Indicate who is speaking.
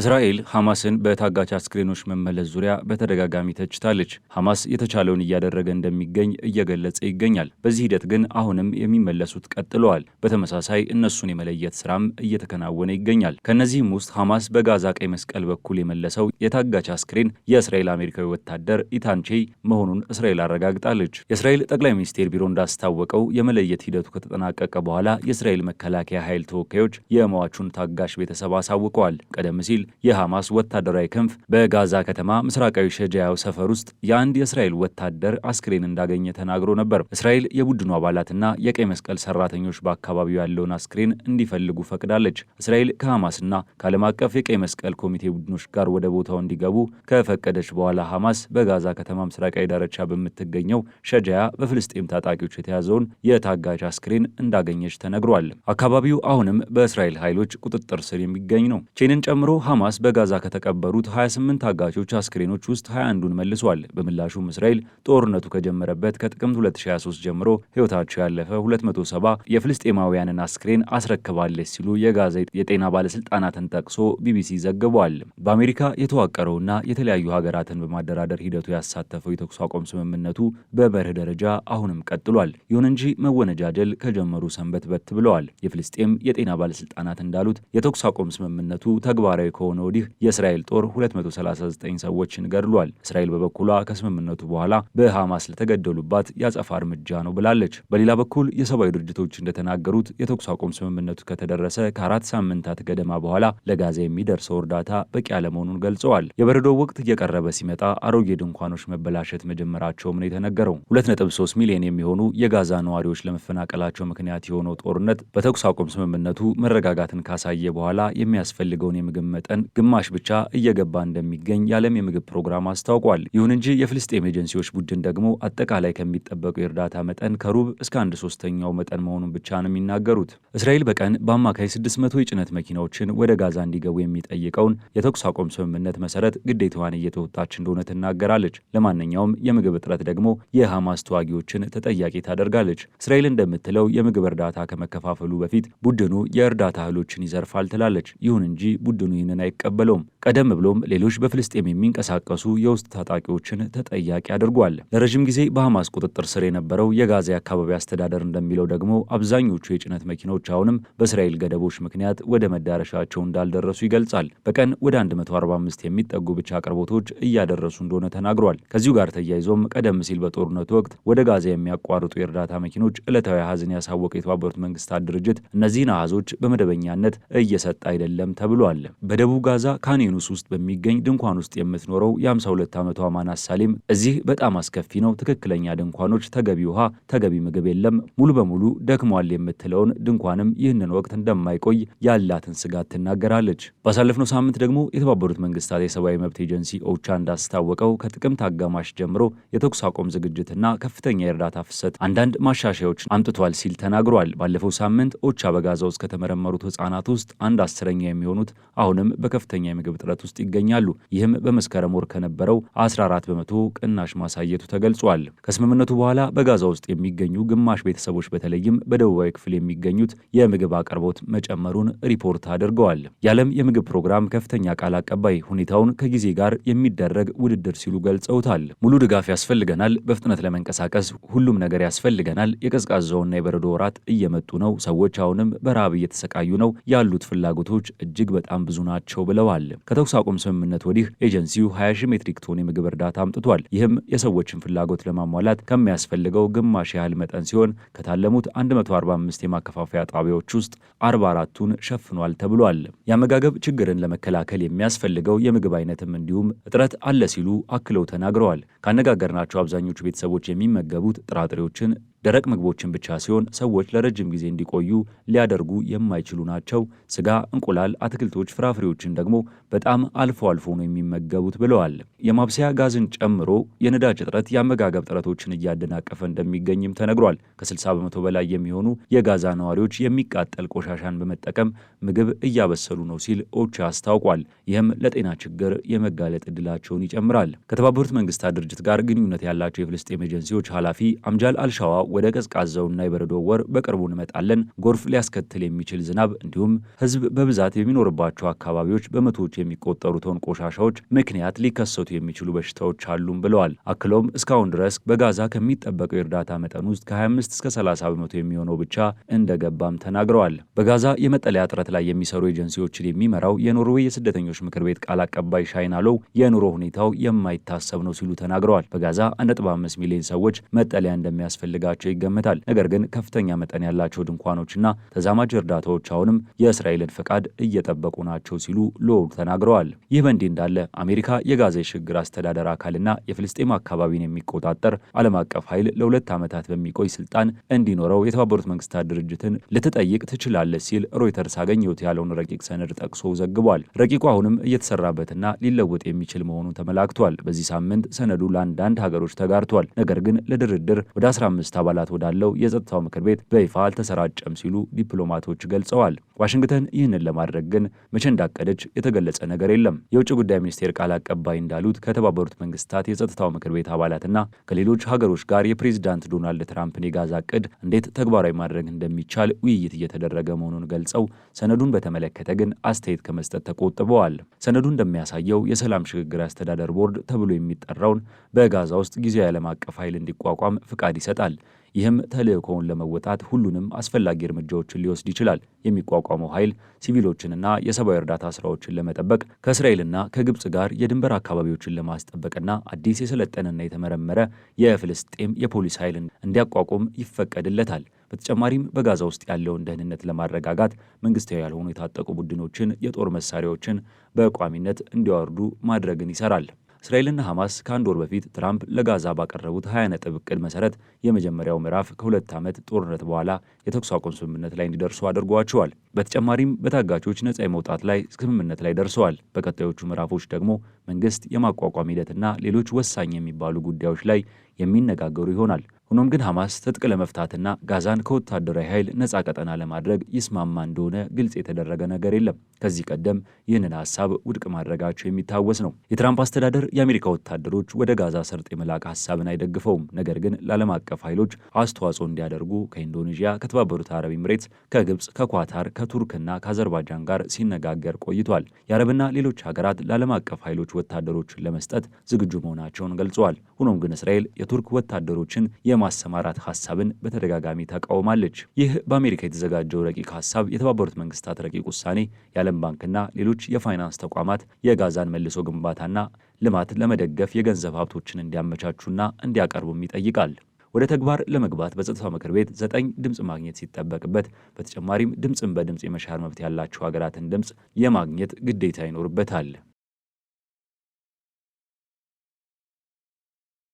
Speaker 1: እስራኤል ሐማስን በታጋች አስክሬኖች መመለስ ዙሪያ በተደጋጋሚ ተችታለች። ሐማስ የተቻለውን እያደረገ እንደሚገኝ እየገለጸ ይገኛል። በዚህ ሂደት ግን አሁንም የሚመለሱት ቀጥለዋል። በተመሳሳይ እነሱን የመለየት ስራም እየተከናወነ ይገኛል። ከእነዚህም ውስጥ ሐማስ በጋዛ ቀይ መስቀል በኩል የመለሰው የታጋች አስክሬን የእስራኤል አሜሪካዊ ወታደር ኢታንቼ መሆኑን እስራኤል አረጋግጣለች። የእስራኤል ጠቅላይ ሚኒስቴር ቢሮ እንዳስታወቀው የመለየት ሂደቱ ከተጠናቀቀ በኋላ የእስራኤል መከላከያ ኃይል ተወካዮች የሟቹን ታጋሽ ቤተሰብ አሳውቀዋል። ቀደም ሲል ሲል የሐማስ ወታደራዊ ክንፍ በጋዛ ከተማ ምስራቃዊ ሸጃያው ሰፈር ውስጥ የአንድ የእስራኤል ወታደር አስክሬን እንዳገኘ ተናግሮ ነበር። እስራኤል የቡድኑ አባላትና የቀይ መስቀል ሰራተኞች በአካባቢው ያለውን አስክሬን እንዲፈልጉ ፈቅዳለች። እስራኤል ከሐማስና ከዓለም አቀፍ የቀይ መስቀል ኮሚቴ ቡድኖች ጋር ወደ ቦታው እንዲገቡ ከፈቀደች በኋላ ሐማስ በጋዛ ከተማ ምስራቃዊ ዳርቻ በምትገኘው ሸጃያ በፍልስጤም ታጣቂዎች የተያዘውን የታጋጅ አስክሬን እንዳገኘች ተነግሯል። አካባቢው አሁንም በእስራኤል ኃይሎች ቁጥጥር ስር የሚገኝ ነው። ቼንን ጨምሮ ሐማስ በጋዛ ከተቀበሩት 28 ታጋቾች አስክሬኖች ውስጥ 21ዱን መልሷል። በምላሹም እስራኤል ጦርነቱ ከጀመረበት ከጥቅምት 2023 ጀምሮ ሕይወታቸው ያለፈ 270 የፍልስጤማውያንን አስክሬን አስረክባለች ሲሉ የጋዛ የጤና ባለስልጣናትን ጠቅሶ ቢቢሲ ዘግቧል። በአሜሪካ የተዋቀረውና የተለያዩ ሀገራትን በማደራደር ሂደቱ ያሳተፈው የተኩስ አቁም ስምምነቱ በመርህ ደረጃ አሁንም ቀጥሏል። ይሁን እንጂ መወነጃጀል ከጀመሩ ሰንበት በት ብለዋል። የፍልስጤም የጤና ባለስልጣናት እንዳሉት የተኩስ አቁም ስምምነቱ ተግባራዊ ከሆነ ወዲህ የእስራኤል ጦር 239 ሰዎችን ገድሏል። እስራኤል በበኩሏ ከስምምነቱ በኋላ በሐማስ ለተገደሉባት የአጸፋ እርምጃ ነው ብላለች። በሌላ በኩል የሰብአዊ ድርጅቶች እንደተናገሩት የተኩስ አቁም ስምምነቱ ከተደረሰ ከአራት ሳምንታት ገደማ በኋላ ለጋዛ የሚደርሰው እርዳታ በቂ አለመሆኑን ገልጸዋል። የበረዶው ወቅት እየቀረበ ሲመጣ አሮጌ ድንኳኖች መበላሸት መጀመራቸውም ነው የተነገረው። 2.3 ሚሊዮን የሚሆኑ የጋዛ ነዋሪዎች ለመፈናቀላቸው ምክንያት የሆነው ጦርነት በተኩስ አቁም ስምምነቱ መረጋጋትን ካሳየ በኋላ የሚያስፈልገውን የምግብ መጠን ቀን ግማሽ ብቻ እየገባ እንደሚገኝ የዓለም የምግብ ፕሮግራም አስታውቋል። ይሁን እንጂ የፍልስጤም ኤጀንሲዎች ቡድን ደግሞ አጠቃላይ ከሚጠበቁ የእርዳታ መጠን ከሩብ እስከ አንድ ሶስተኛው መጠን መሆኑን ብቻ ነው የሚናገሩት። እስራኤል በቀን በአማካይ 600 የጭነት መኪናዎችን ወደ ጋዛ እንዲገቡ የሚጠይቀውን የተኩስ አቁም ስምምነት መሰረት ግዴታዋን እየተወጣች እንደሆነ ትናገራለች። ለማንኛውም የምግብ እጥረት ደግሞ የሐማስ ተዋጊዎችን ተጠያቂ ታደርጋለች። እስራኤል እንደምትለው የምግብ እርዳታ ከመከፋፈሉ በፊት ቡድኑ የእርዳታ እህሎችን ይዘርፋል ትላለች። ይሁን እንጂ ቡድኑ ይህንን አይቀበሉም ቀደም ብሎም ሌሎች በፍልስጤም የሚንቀሳቀሱ የውስጥ ታጣቂዎችን ተጠያቂ አድርጓል። ለረዥም ጊዜ በሐማስ ቁጥጥር ስር የነበረው የጋዛ አካባቢ አስተዳደር እንደሚለው ደግሞ አብዛኞቹ የጭነት መኪኖች አሁንም በእስራኤል ገደቦች ምክንያት ወደ መዳረሻቸው እንዳልደረሱ ይገልጻል። በቀን ወደ 145 የሚጠጉ ብቻ አቅርቦቶች እያደረሱ እንደሆነ ተናግሯል። ከዚሁ ጋር ተያይዞም ቀደም ሲል በጦርነቱ ወቅት ወደ ጋዛ የሚያቋርጡ የእርዳታ መኪኖች ዕለታዊ አሃዝን ያሳወቀ የተባበሩት መንግስታት ድርጅት እነዚህን አሃዞች በመደበኛነት እየሰጠ አይደለም ተብሏል። በደቡብ ጋዛ ካን ቬኑስ ውስጥ በሚገኝ ድንኳን ውስጥ የምትኖረው የ52 ዓመቷ ማና ሳሌም እዚህ በጣም አስከፊ ነው፣ ትክክለኛ ድንኳኖች፣ ተገቢ ውሃ፣ ተገቢ ምግብ የለም፣ ሙሉ በሙሉ ደክሟል የምትለውን ድንኳንም ይህንን ወቅት እንደማይቆይ ያላትን ስጋት ትናገራለች። ባሳለፍነው ሳምንት ደግሞ የተባበሩት መንግስታት የሰብአዊ መብት ኤጀንሲ ኦቻ እንዳስታወቀው ከጥቅምት አጋማሽ ጀምሮ የተኩስ አቁም ዝግጅትና ከፍተኛ የእርዳታ ፍሰት አንዳንድ ማሻሻያዎችን አምጥቷል ሲል ተናግሯል። ባለፈው ሳምንት ኦቻ በጋዛ ውስጥ ከተመረመሩት ህጻናት ውስጥ አንድ አስረኛ የሚሆኑት አሁንም በከፍተኛ የምግብ እጥረት ውስጥ ይገኛሉ። ይህም በመስከረም ወር ከነበረው 14 በመቶ ቅናሽ ማሳየቱ ተገልጿል። ከስምምነቱ በኋላ በጋዛ ውስጥ የሚገኙ ግማሽ ቤተሰቦች በተለይም በደቡባዊ ክፍል የሚገኙት የምግብ አቅርቦት መጨመሩን ሪፖርት አድርገዋል። የዓለም የምግብ ፕሮግራም ከፍተኛ ቃል አቀባይ ሁኔታውን ከጊዜ ጋር የሚደረግ ውድድር ሲሉ ገልጸውታል። ሙሉ ድጋፍ ያስፈልገናል። በፍጥነት ለመንቀሳቀስ ሁሉም ነገር ያስፈልገናል። የቀዝቃዛውና የበረዶ ወራት እየመጡ ነው። ሰዎች አሁንም በረሃብ እየተሰቃዩ ነው። ያሉት ፍላጎቶች እጅግ በጣም ብዙ ናቸው ብለዋል። ከተኩስ አቁም ስምምነት ወዲህ ኤጀንሲው 20 ሺህ ሜትሪክ ቶን የምግብ እርዳታ አምጥቷል። ይህም የሰዎችን ፍላጎት ለማሟላት ከሚያስፈልገው ግማሽ ያህል መጠን ሲሆን ከታለሙት 145 የማከፋፈያ ጣቢያዎች ውስጥ 44ቱን ሸፍኗል ተብሏል። የአመጋገብ ችግርን ለመከላከል የሚያስፈልገው የምግብ አይነትም እንዲሁም እጥረት አለ ሲሉ አክለው ተናግረዋል። ካነጋገርናቸው አብዛኞቹ ቤተሰቦች የሚመገቡት ጥራጥሬዎችን ደረቅ ምግቦችን ብቻ ሲሆን ሰዎች ለረጅም ጊዜ እንዲቆዩ ሊያደርጉ የማይችሉ ናቸው። ስጋ፣ እንቁላል፣ አትክልቶች፣ ፍራፍሬዎችን ደግሞ በጣም አልፎ አልፎ ነው የሚመገቡት ብለዋል። የማብሰያ ጋዝን ጨምሮ የነዳጅ እጥረት የአመጋገብ ጥረቶችን እያደናቀፈ እንደሚገኝም ተነግሯል። ከ60 በመቶ በላይ የሚሆኑ የጋዛ ነዋሪዎች የሚቃጠል ቆሻሻን በመጠቀም ምግብ እያበሰሉ ነው ሲል ኦቻ አስታውቋል። ይህም ለጤና ችግር የመጋለጥ እድላቸውን ይጨምራል። ከተባበሩት መንግስታት ድርጅት ጋር ግንኙነት ያላቸው የፍልስጤም ኤጀንሲዎች ኃላፊ አምጃል አልሻዋ ወደ ቀዝቃዛውና የበረዶ ወር በቅርቡ እንመጣለን። ጎርፍ ሊያስከትል የሚችል ዝናብ እንዲሁም ህዝብ በብዛት የሚኖርባቸው አካባቢዎች በመቶዎች የሚቆጠሩ ቶን ቆሻሻዎች ምክንያት ሊከሰቱ የሚችሉ በሽታዎች አሉም ብለዋል። አክለውም እስካሁን ድረስ በጋዛ ከሚጠበቀው የእርዳታ መጠን ውስጥ ከ25 እስከ 30 በመቶ የሚሆነው ብቻ እንደገባም ተናግረዋል። በጋዛ የመጠለያ ጥረት ላይ የሚሰሩ ኤጀንሲዎችን የሚመራው የኖርዌይ የስደተኞች ምክር ቤት ቃል አቀባይ ሻይናሎው የኑሮ ሁኔታው የማይታሰብ ነው ሲሉ ተናግረዋል። በጋዛ 1.5 ሚሊዮን ሰዎች መጠለያ እንደሚያስፈልጋቸው እንዳላቸው ይገመታል። ነገር ግን ከፍተኛ መጠን ያላቸው ድንኳኖችና ተዛማጅ እርዳታዎች አሁንም የእስራኤልን ፈቃድ እየጠበቁ ናቸው ሲሉ ሎውድ ተናግረዋል። ይህ በእንዲህ እንዳለ አሜሪካ የጋዛ የሽግግር አስተዳደር አካልና የፍልስጤም አካባቢን የሚቆጣጠር ዓለም አቀፍ ኃይል ለሁለት ዓመታት በሚቆይ ስልጣን እንዲኖረው የተባበሩት መንግስታት ድርጅትን ልትጠይቅ ትችላለች ሲል ሮይተርስ አገኘሁት ያለውን ረቂቅ ሰነድ ጠቅሶ ዘግቧል። ረቂቁ አሁንም እየተሰራበትና ሊለወጥ የሚችል መሆኑ ተመላክቷል። በዚህ ሳምንት ሰነዱ ለአንዳንድ ሀገሮች ተጋርቷል። ነገር ግን ለድርድር ወደ 15 አባል አባላት ወዳለው የጸጥታው ምክር ቤት በይፋ አልተሰራጨም ሲሉ ዲፕሎማቶች ገልጸዋል። ዋሽንግተን ይህንን ለማድረግ ግን መቼ እንዳቀደች የተገለጸ ነገር የለም። የውጭ ጉዳይ ሚኒስቴር ቃል አቀባይ እንዳሉት ከተባበሩት መንግስታት የጸጥታው ምክር ቤት አባላትና ከሌሎች ሀገሮች ጋር የፕሬዚዳንት ዶናልድ ትራምፕን የጋዛ እቅድ እንዴት ተግባራዊ ማድረግ እንደሚቻል ውይይት እየተደረገ መሆኑን ገልጸው ሰነዱን በተመለከተ ግን አስተያየት ከመስጠት ተቆጥበዋል። ሰነዱ እንደሚያሳየው የሰላም ሽግግር አስተዳደር ቦርድ ተብሎ የሚጠራውን በጋዛ ውስጥ ጊዜያዊ ዓለም አቀፍ ኃይል እንዲቋቋም ፍቃድ ይሰጣል። ይህም ተልእኮውን ለመወጣት ሁሉንም አስፈላጊ እርምጃዎችን ሊወስድ ይችላል። የሚቋቋመው ኃይል ሲቪሎችንና የሰብአዊ እርዳታ ስራዎችን ለመጠበቅ ከእስራኤልና ከግብፅ ጋር የድንበር አካባቢዎችን ለማስጠበቅና አዲስ የሰለጠነና የተመረመረ የፍልስጤም የፖሊስ ኃይልን እንዲያቋቁም ይፈቀድለታል። በተጨማሪም በጋዛ ውስጥ ያለውን ደህንነት ለማረጋጋት መንግስታዊ ያልሆኑ የታጠቁ ቡድኖችን የጦር መሳሪያዎችን በቋሚነት እንዲያወርዱ ማድረግን ይሰራል። እስራኤልና ሐማስ ከአንድ ወር በፊት ትራምፕ ለጋዛ ባቀረቡት 20 ነጥብ እቅድ መሰረት የመጀመሪያው ምዕራፍ ከሁለት ዓመት ጦርነት በኋላ የተኩስ አቁም ስምምነት ላይ እንዲደርሱ አድርጓቸዋል። በተጨማሪም በታጋቾች ነጻ የመውጣት ላይ ስምምነት ላይ ደርሰዋል። በቀጣዮቹ ምዕራፎች ደግሞ መንግስት የማቋቋም ሂደትና ሌሎች ወሳኝ የሚባሉ ጉዳዮች ላይ የሚነጋገሩ ይሆናል። ሆኖም ግን ሐማስ ትጥቅ ለመፍታትና ጋዛን ከወታደራዊ ኃይል ነፃ ቀጠና ለማድረግ ይስማማ እንደሆነ ግልጽ የተደረገ ነገር የለም። ከዚህ ቀደም ይህንን ሀሳብ ውድቅ ማድረጋቸው የሚታወስ ነው። የትራምፕ አስተዳደር የአሜሪካ ወታደሮች ወደ ጋዛ ሰርጥ የመላክ ሀሳብን አይደግፈውም። ነገር ግን ለዓለም አቀፍ ኃይሎች አስተዋጽኦ እንዲያደርጉ ከኢንዶኔዥያ፣ ከተባበሩት አረብ ኤምሬት፣ ከግብፅ፣ ከኳታር፣ ከቱርክና ከአዘርባይጃን ጋር ሲነጋገር ቆይቷል። የአረብና ሌሎች ሀገራት ለዓለም አቀፍ ኃይሎች ወታደሮችን ለመስጠት ዝግጁ መሆናቸውን ገልጸዋል። ሆኖም ግን እስራኤል የቱርክ ወታደሮችን የ የማሰማራት ሀሳብን በተደጋጋሚ ተቃውማለች። ይህ በአሜሪካ የተዘጋጀው ረቂቅ ሀሳብ የተባበሩት መንግስታት ረቂቅ ውሳኔ የዓለም ባንክና ሌሎች የፋይናንስ ተቋማት የጋዛን መልሶ ግንባታና ልማት ለመደገፍ የገንዘብ ሀብቶችን እንዲያመቻቹና እንዲያቀርቡም ይጠይቃል። ወደ ተግባር ለመግባት በጸጥታው ምክር ቤት ዘጠኝ ድምፅ ማግኘት ሲጠበቅበት በተጨማሪም ድምፅን በድምፅ የመሻር መብት ያላቸው ሀገራትን ድምፅ የማግኘት ግዴታ ይኖርበታል።